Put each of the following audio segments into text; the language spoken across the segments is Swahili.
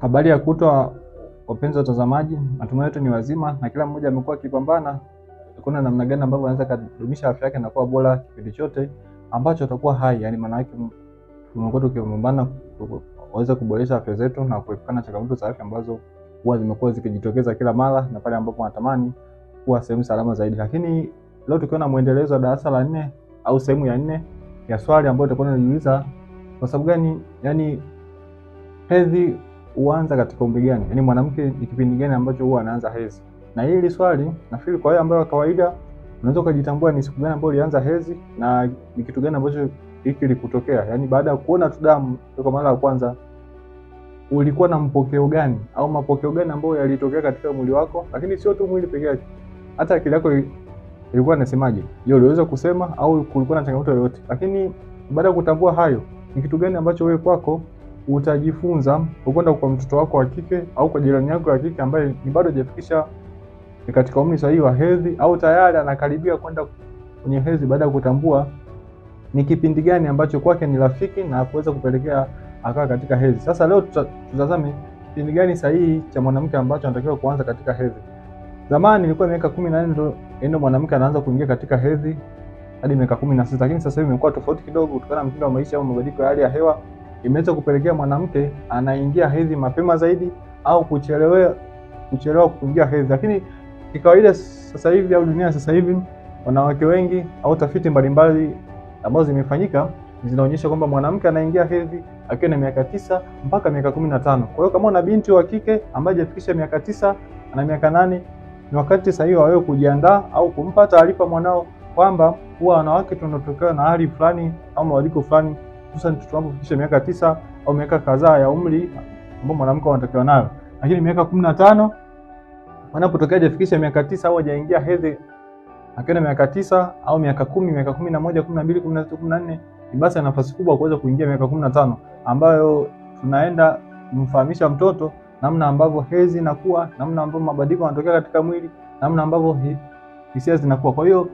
Habari ya kutwa, wapenzi watazamaji, matumaini yetu ni wazima na kila mmoja amekuwa akipambana kuna namna gani ambavyo anaweza kudumisha afya yake na kuwa bora kipindi chote ambacho atakuwa hai, yani maana yake tumekuwa tukipambana waweza kuboresha afya zetu na kuepukana changamoto za afya ambazo huwa zimekuwa zikijitokeza kila mara na pale ambapo wanatamani kuwa sehemu salama zaidi. Lakini leo tukiwa na mwendelezo wa darasa la nne au sehemu ya nne ya swali ambayo tutakuwa tunajiuliza kwa sababu gani yani hedhi huanza katika umri gani? Yaani mwanamke ni kipindi gani ambacho huwa anaanza hezi? Na hili swali nafikiri kwa wale ambao kawaida unaweza ukajitambua ni siku gani ambayo ulianza hezi na ni kitu gani ambacho hiki likutokea, yaani baada ya kuona tu damu kwa mara ya kwanza ulikuwa na mpokeo gani au mapokeo gani ambayo yalitokea katika mwili wako, lakini sio tu mwili peke yake, hata akili yako ilikuwa inasemaje? Je, uliweza kusema au kulikuwa na changamoto yoyote? Lakini baada ya kutambua hayo, ni kitu gani ambacho wewe kwako utajifunza ukwenda kwa mtoto wako wa kike au kwa jirani yako ya kike ambaye ni bado hajafikisha katika umri sahihi wa hedhi au tayari anakaribia kwenda kwenye hedhi, baada ya kutambua ni kipindi gani ambacho kwake ni rafiki na kuweza kupelekea akawa katika hedhi. Sasa leo tutazame kipindi gani sahihi cha mwanamke ambacho anatakiwa kuanza katika hedhi. Zamani ilikuwa miaka 14 ndio endo mwanamke anaanza kuingia katika hedhi hadi miaka 16, lakini sasa hivi imekuwa tofauti kidogo kutokana na mtindo wa maisha au mabadiliko ya hali ya hewa imeweza kupelekea mwanamke anaingia hedhi mapema zaidi au kuchelewa kuchelewa kuingia hedhi. Lakini kikawaida sasa hivi au dunia sasa hivi wanawake wengi au tafiti mbalimbali ambazo zimefanyika zinaonyesha kwamba mwanamke anaingia hedhi akiwa na miaka tisa mpaka miaka kumi na tano. Kwa hiyo kama una binti wa kike ambaye hajafikisha miaka tisa ana miaka nane ni wakati sahihi wa wewe kujiandaa au kumpa taarifa mwanao kwamba huwa wanawake tunatokewa na hali fulani au mabadiliko fulani hususan mtoto wangu kufikisha miaka tisa au miaka kadhaa ya umri ambao mwanamke anatakiwa nayo. Lakini miaka kumi na tano anapotokea hajafikisha miaka tisa au hajaingia hedhi akiwa na miaka tisa au miaka kumi, miaka kumi na moja, kumi na mbili, kumi na tatu, kumi na nne, basi ana nafasi kubwa kuweza kuingia miaka kumi na tano ambayo tunaenda kumfahamisha mtoto namna ambavyo hedhi inakuwa, namna ambavyo mabadiliko yanatokea katika mwili, namna ambavyo hisia zinakuwa. Kwa hiyo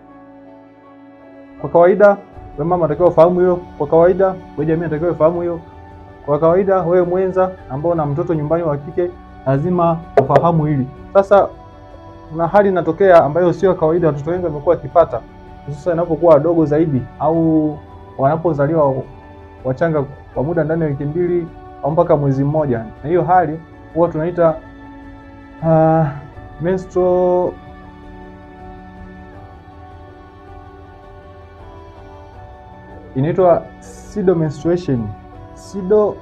kwa kawaida mama anatakiwa ufahamu hiyo kwa kawaida, wewe jamii anatakiwa ufahamu hiyo kwa kawaida. Wewe mwenza ambao na mtoto nyumbani wa kike lazima ufahamu hili. Sasa kuna hali inatokea ambayo sio kawaida, watoto wengi wamekuwa wakipata, hususan inapokuwa wadogo zaidi au wanapozaliwa wachanga kwa muda ndani ya wiki mbili au mpaka mwezi mmoja, na hiyo hali huwa tunaita uh, menstrual inaitwa pseudo menstruation. Pseudo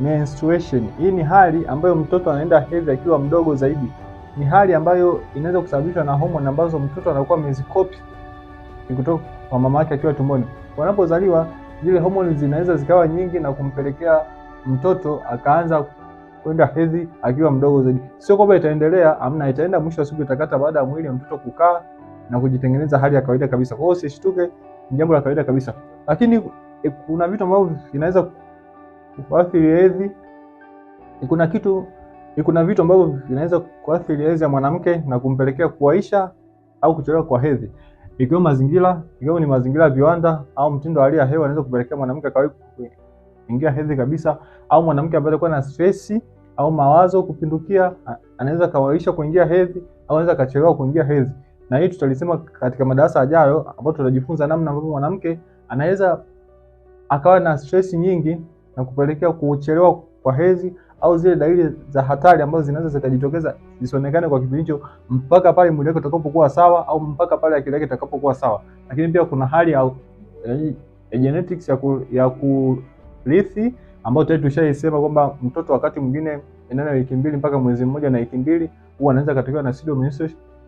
menstruation hii ni hali ambayo mtoto anaenda hedhi akiwa mdogo zaidi. Ni hali ambayo inaweza kusababishwa na homoni ambazo mtoto anakuwa amezikopi kutoka kwa mama yake akiwa tumboni. Wanapozaliwa zile homoni zinaweza zikawa nyingi na kumpelekea mtoto akaanza kwenda hedhi akiwa mdogo zaidi. Sio kwamba itaendelea, amna, itaenda mwisho wa siku itakata baada ya mwili wa mtoto kukaa na kujitengeneza hali ya kawaida kabisa. Kwa hiyo usishtuke ni jambo la kawaida kabisa, lakini e, kuna vitu ambavyo vinaweza kuathiri hedhi e, kuna kitu e, kuna vitu ambavyo vinaweza kuathiri hedhi ya mwanamke na kumpelekea kuwaisha au kuchelewa kwa hedhi ikiwa mazingira, ikiwa ni mazingira ya viwanda au mtindo wa hali ya hewa, anaweza kupelekea mwanamke akawahi kuingia hedhi kabisa, au mwanamke ambaye alikuwa na stress au mawazo kupindukia, anaweza kawaisha kuingia hedhi au anaweza akachelewa kuingia hedhi na hii tutalisema katika madarasa ajayo, ambapo tutajifunza namna ambavyo mwanamke anaweza akawa na stress nyingi na kupelekea kuchelewa kwa hedhi au zile dalili za hatari ambazo zinaweza zikajitokeza zisionekane kwa kipindi hicho mpaka pale mwili wake utakapokuwa sawa au mpaka pale akili yake itakapokuwa sawa. Lakini pia kuna hali ya, ya, ya genetics ya, ku, ya kurithi ambayo tayari tushaisema kwamba mtoto wakati mwingine inaenda wiki mbili mpaka mwezi mmoja na wiki mbili huwa anaweza katokewa na syndrome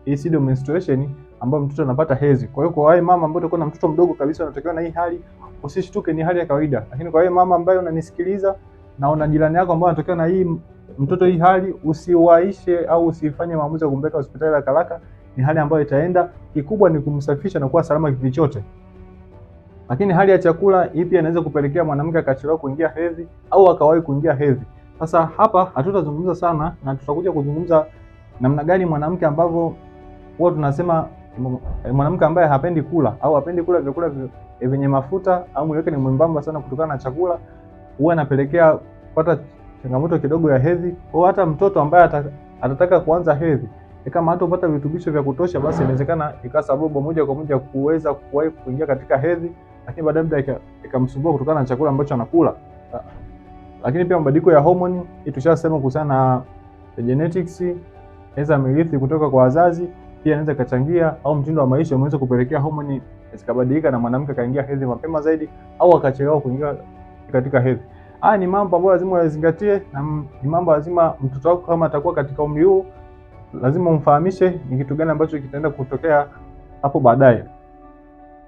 hii sido menstruation ambayo mtoto anapata hezi. Kwa hiyo kwa wale mama ambao utakuwa na mtoto mdogo kabisa unatakiwa na hii hali usishtuke, ni hali ya kawaida. Lakini kwa wale mama ambao unanisikiliza na una jirani yako ambao anatokewa na hii mtoto hii hali, usiwaishe au usifanye maamuzi ya kumpeleka hospitali haraka haraka. Ni hali ambayo itaenda, kikubwa ni kumsafisha na kuwa salama kivi chote. Lakini hali ya chakula ipi inaweza kupelekea mwanamke akachelewa kuingia hedhi au akawahi kuingia hedhi. Sasa hapa hatutazungumza sana na tutakuja kuzungumza namna gani mwanamke ambavyo huwa tunasema eh, mwanamke ambaye hapendi kula au hapendi kula vyakula eh, vyenye mafuta au mwili wake ni mwembamba sana kutokana na chakula, huwa anapelekea kupata changamoto kidogo ya hedhi, Kwa hata mtoto ambaye atataka kuanza hedhi e, kama hata upata virutubisho vya kutosha, basi inawezekana ikawa sababu moja kwa moja kuweza kuwahi kuingia katika hedhi, lakini baadaye muda ikamsumbua kutokana na chakula ambacho anakula. Ah, lakini pia mabadiliko ya homoni hii tushasema kuhusiana na genetics, inaweza mirithi kutoka kwa wazazi pia inaweza ikachangia, au mtindo wa maisha umeweza kupelekea homoni zikabadilika na mwanamke akaingia hedhi mapema zaidi au akachelewa kuingia katika hedhi. Haya ni mambo ambayo lazima uyazingatie, na ni mambo lazima mtoto wako kama atakuwa katika umri huu, lazima umfahamishe ni kitu gani ambacho kitaenda kutokea hapo baadaye.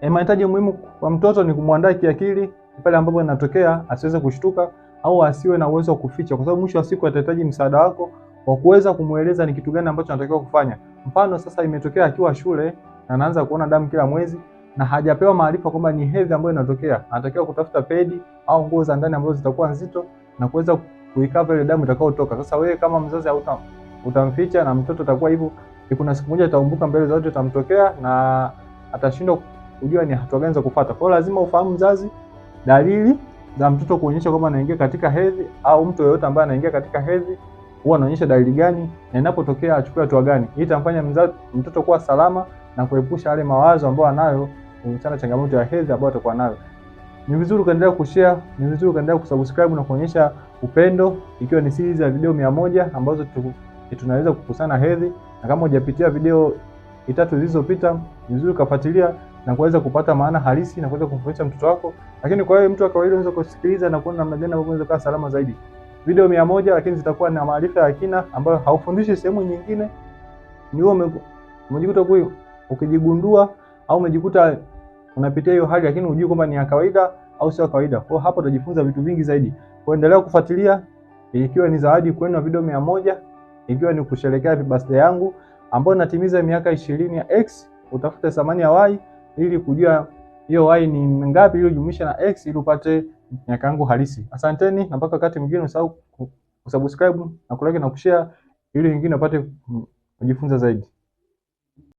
E, mahitaji muhimu kwa mtoto ni kumwandaa kiakili pale ambapo inatokea, asiweze kushtuka au asiwe na uwezo wa kuficha, kwa sababu mwisho wa siku atahitaji msaada wako wa kuweza kumweleza ni kitu gani ambacho anatakiwa kufanya. Mfano sasa imetokea akiwa shule na anaanza kuona damu kila mwezi na hajapewa maarifa kwamba ni hedhi ambayo inatokea, anatakiwa kutafuta pedi au nguo za ndani ambazo zitakuwa nzito na kuweza kuikava ile damu itakayotoka. Sasa wewe kama mzazi hauta utamficha na mtoto atakuwa hivyo, kuna siku moja ataumbuka mbele za watu, itamtokea na atashindwa kujua ni hatua gani za kufuata. Kwa hiyo lazima ufahamu mzazi dalili za mtoto kuonyesha kwamba anaingia katika hedhi au mtu yeyote ambaye anaingia katika hedhi huwa anaonyesha dalili gani na inapotokea achukue hatua gani. Hii itamfanya mtoto kuwa salama na kuepusha yale mawazo ambayo anayo kuhusiana changamoto ya hedhi ambayo atakuwa nayo. Ni vizuri ukaendelea kushare, ni vizuri ukaendelea kusubscribe na kuonyesha upendo, ikiwa ni series ya video mia moja ambazo tu, tunaweza kukusana hedhi, na kama hujapitia video itatu zilizopita, ni vizuri ukafuatilia na kuweza kupata maana halisi na kuweza kumfundisha mtoto wako. Lakini kwa hiyo mtu wa kawaida, unaweza kusikiliza na kuona namna gani ambavyo unaweza kuwa salama zaidi video mia moja lakini zitakuwa na maarifa ya kina ambayo haufundishi sehemu nyingine. Ni wewe umejikuta ku ukijigundua au umejikuta unapitia hiyo hali lakini hujui kwamba ni ya kawaida au sio kawaida. Kwa hapo utajifunza vitu vingi zaidi. Kuendelea kufuatilia, ikiwa ni zawadi kwenu na video mia moja, ikiwa ni kusherehekea happy birthday yangu ambayo natimiza miaka ishirini ya X, utafute thamani ya Y ili kujua hiyo y ni ngapi ili ujumlisha na x ili upate miaka yangu halisi. Asanteni na mpaka wakati mwingine, usahau kusubscribe na kulike na kushare ili wengine wapate kujifunza zaidi.